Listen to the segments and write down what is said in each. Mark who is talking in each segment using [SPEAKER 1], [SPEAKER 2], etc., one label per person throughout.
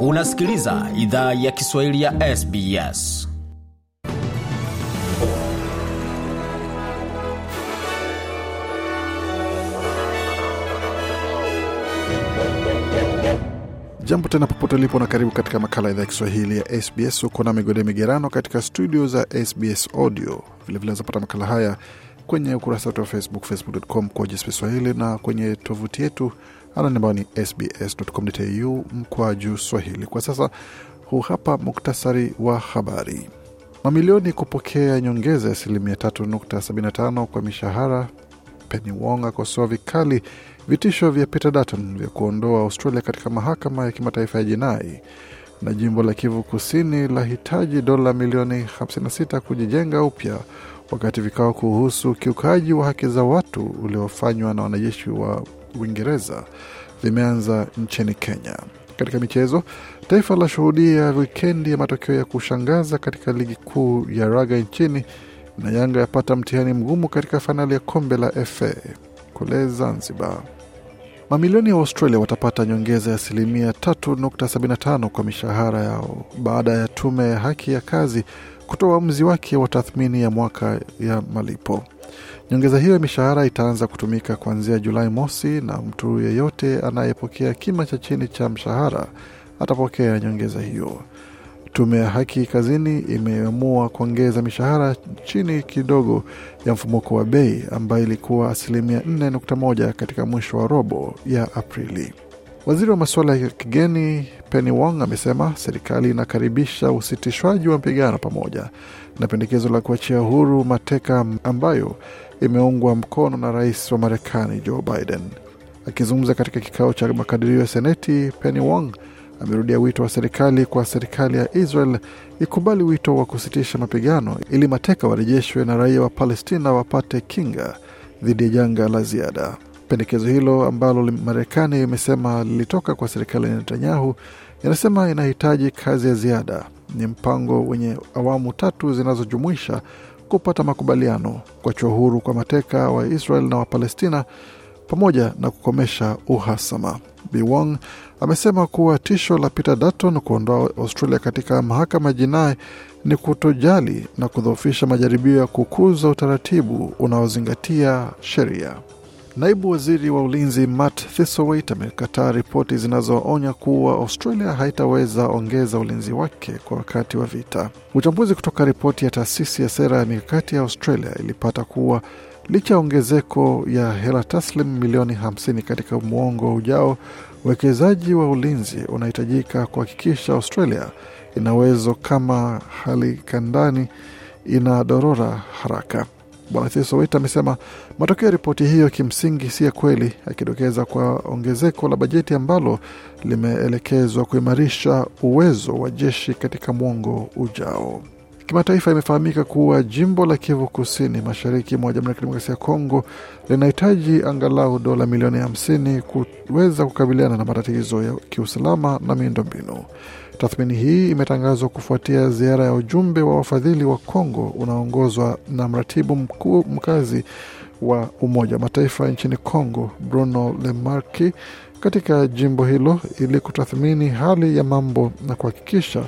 [SPEAKER 1] unasikiliza idhaa ya kiswahili ya sbs jambo tena popote ulipo na karibu katika makala idhaa ya kiswahili ya sbs huko na migode migerano katika studio za sbs audio vilevile zapata makala haya kwenye ukurasa wetu wa facebook facebook.com kwa swahili na kwenye tovuti yetu anani ambayo ni sbs.com.au mkwa juu swahili. Kwa sasa huu hapa muktasari wa habari. Mamilioni kupokea nyongeza ya asilimia 3.75 kwa mishahara. Penny Wong akosoa vikali vitisho vya Peter Dutton vya kuondoa Australia katika mahakama ya kimataifa ya jinai na jimbo la Kivu Kusini lahitaji dola milioni 56 kujijenga upya wakati vikao kuhusu ukiukaji wa haki za watu uliofanywa na wanajeshi wa Uingereza vimeanza nchini Kenya. Katika michezo, taifa la shuhudia wikendi ya matokeo ya kushangaza katika ligi kuu ya raga nchini na Yanga yapata mtihani mgumu katika fainali ya kombe la FA kule Zanzibar. Mamilioni ya Australia watapata nyongeza ya asilimia 3.75 kwa mishahara yao baada ya tume ya haki ya kazi kutoa uamuzi wake wa tathmini ya mwaka ya malipo. Nyongeza hiyo ya mishahara itaanza kutumika kuanzia Julai mosi, na mtu yeyote anayepokea kima cha chini cha mshahara atapokea nyongeza hiyo. Tume ya Haki Kazini imeamua kuongeza mishahara chini kidogo ya mfumuko wa bei ambayo ilikuwa asilimia 4.1 katika mwisho wa robo ya Aprili. Waziri wa masuala ya kigeni Penny Wong amesema serikali inakaribisha usitishwaji wa mapigano pamoja na pendekezo la kuachia huru mateka ambayo imeungwa mkono na rais wa Marekani Joe Biden. Akizungumza katika kikao cha makadirio ya Seneti, Penny Wong amerudia wito wa serikali kwa serikali ya Israel ikubali wito wa kusitisha mapigano ili mateka warejeshwe na raia wa Palestina wapate kinga dhidi ya janga la ziada. Pendekezo hilo ambalo Marekani imesema lilitoka kwa serikali ya Netanyahu inasema inahitaji kazi ya ziada. Ni mpango wenye awamu tatu zinazojumuisha kupata makubaliano, kuachia huru kwa mateka wa Israel na Wapalestina pamoja na kukomesha uhasama. Biwong amesema kuwa tisho la Peter Dutton kuondoa Australia katika mahakama jinai ni kutojali na kudhoofisha majaribio ya kukuza utaratibu unaozingatia sheria. Naibu waziri wa ulinzi Matt Thisowait amekataa ripoti zinazoonya kuwa Australia haitaweza ongeza ulinzi wake kwa wakati wa vita. Uchambuzi kutoka ripoti ya taasisi ya sera ya mikakati ya Australia ilipata kuwa licha ya ongezeko ya hela taslim milioni 50 katika mwongo ujao, uwekezaji wa ulinzi unahitajika kuhakikisha Australia ina uwezo kama hali kandani ina dorora haraka. Bwana Phil amesema matokeo ya ripoti hiyo kimsingi si ya kweli, akidokeza kwa ongezeko la bajeti ambalo limeelekezwa kuimarisha uwezo wa jeshi katika mwongo ujao. Kimataifa imefahamika kuwa jimbo la Kivu Kusini mashariki mwa Jamhuri ya Kidemokrasia ya Kongo linahitaji angalau dola milioni 50 kuweza kukabiliana na matatizo ya kiusalama na miundombinu. Tathmini hii imetangazwa kufuatia ziara ya ujumbe wa wafadhili wa Kongo unaoongozwa na mratibu mkuu mkazi wa Umoja wa Mataifa nchini Kongo, Bruno Lemarki, katika jimbo hilo ili kutathmini hali ya mambo na kuhakikisha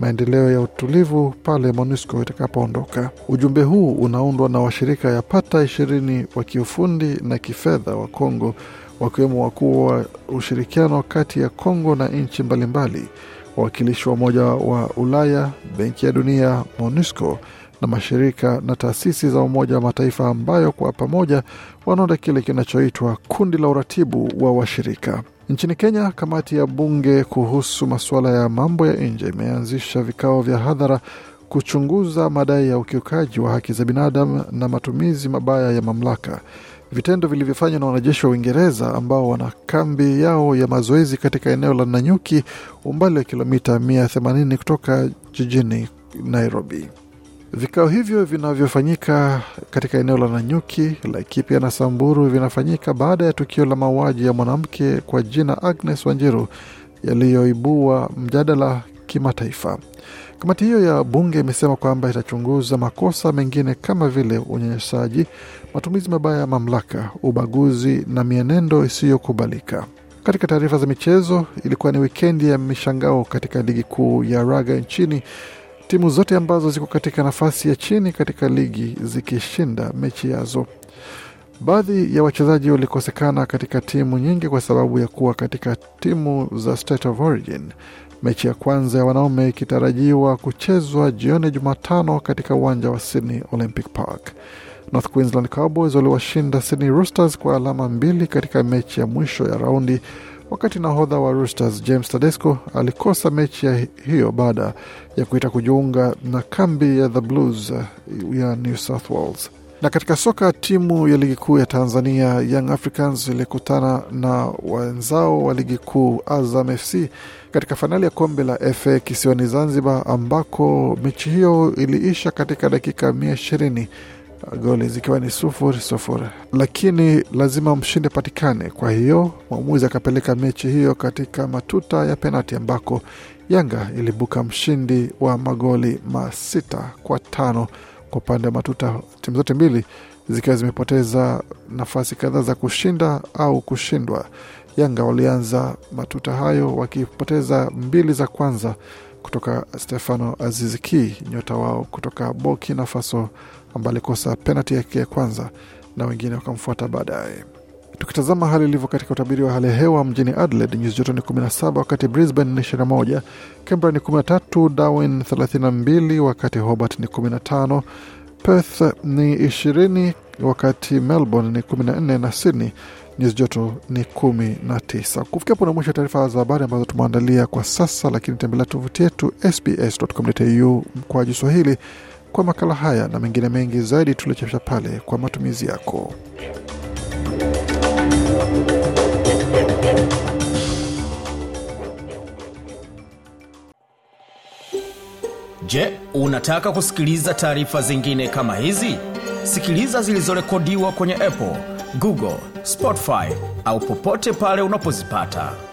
[SPEAKER 1] maendeleo ya utulivu pale MONUSCO itakapoondoka. Ujumbe huu unaundwa na washirika ya pata ishirini wa kiufundi na kifedha wa Kongo, wakiwemo wakuu wa ushirikiano kati ya Kongo na nchi mbalimbali, wawakilishi wa Umoja wa Ulaya, Benki ya Dunia, MONUSCO na mashirika na taasisi za Umoja wa Mataifa ambayo kwa pamoja wanaunda kile kinachoitwa kundi la uratibu wa washirika. Nchini Kenya, kamati ya bunge kuhusu masuala ya mambo ya nje imeanzisha vikao vya hadhara kuchunguza madai ya ukiukaji wa haki za binadamu na matumizi mabaya ya mamlaka, vitendo vilivyofanywa na wanajeshi wa Uingereza ambao wana kambi yao ya mazoezi katika eneo la Nanyuki, umbali wa kilomita 180 kutoka jijini Nairobi. Vikao hivyo vinavyofanyika katika eneo la Nanyuki, Laikipia na Samburu vinafanyika baada ya tukio la mauaji ya mwanamke kwa jina Agnes Wanjiru yaliyoibua mjadala kimataifa. Kamati hiyo ya bunge imesema kwamba itachunguza makosa mengine kama vile unyanyasaji, matumizi mabaya ya mamlaka, ubaguzi na mienendo isiyokubalika. Katika taarifa za michezo, ilikuwa ni wikendi ya mishangao katika ligi kuu ya raga nchini timu zote ambazo ziko katika nafasi ya chini katika ligi zikishinda mechi yazo. Baadhi ya wachezaji walikosekana katika timu nyingi kwa sababu ya kuwa katika timu za State of Origin. Mechi ya kwanza ya wanaume ikitarajiwa kuchezwa jioni Jumatano katika uwanja wa Sydney Olympic Park. North Queensland Cowboys waliwashinda Sydney Roosters kwa alama mbili katika mechi ya mwisho ya raundi wakati nahodha wa Roosters James Tadesco alikosa mechi ya hiyo baada ya kuita kujiunga na kambi ya the Blues uh, ya New South Wales. Na katika soka, timu ya ligi kuu ya Tanzania Young Africans ilikutana na wenzao wa ligi kuu Azam FC katika fainali ya kombe la FA kisiwani Zanzibar, ambako mechi hiyo iliisha katika dakika mia ishirini goli zikiwa ni sufuri sufuri, lakini lazima mshindi patikane. Kwa hiyo mwamuzi akapeleka mechi hiyo katika matuta ya penati ambako Yanga ilibuka mshindi wa magoli masita kwa tano kwa upande wa matuta, timu zote mbili zikiwa zimepoteza nafasi kadhaa za kushinda au kushindwa. Yanga walianza matuta hayo wakipoteza mbili za kwanza kutoka Stefano Aziziki, nyota wao kutoka Burkina Faso ambaye alikosa penalti yake ya kwanza na wengine wakamfuata baadaye. Tukitazama hali ilivyo katika utabiri wa hali ya hewa mjini Adelaide, nyuzi joto ni 17, wakati Brisbane ni 21, Canberra ni 13, Darwin 32, wakati Hobart ni 15, Perth ni 20, wakati Melbourne ni 14 na Sydney nyuzi joto ni 19. Kufikia hapo na mwisho taarifa za habari ambazo tumeandalia kwa sasa, lakini tembelea tovuti yetu sbs.com.au kwa Kiswahili kwa makala haya na mengine mengi zaidi, tuliochapisha pale kwa matumizi yako. Je, unataka kusikiliza taarifa zingine kama hizi? Sikiliza zilizorekodiwa kwenye Apple, Google, Spotify au popote pale unapozipata.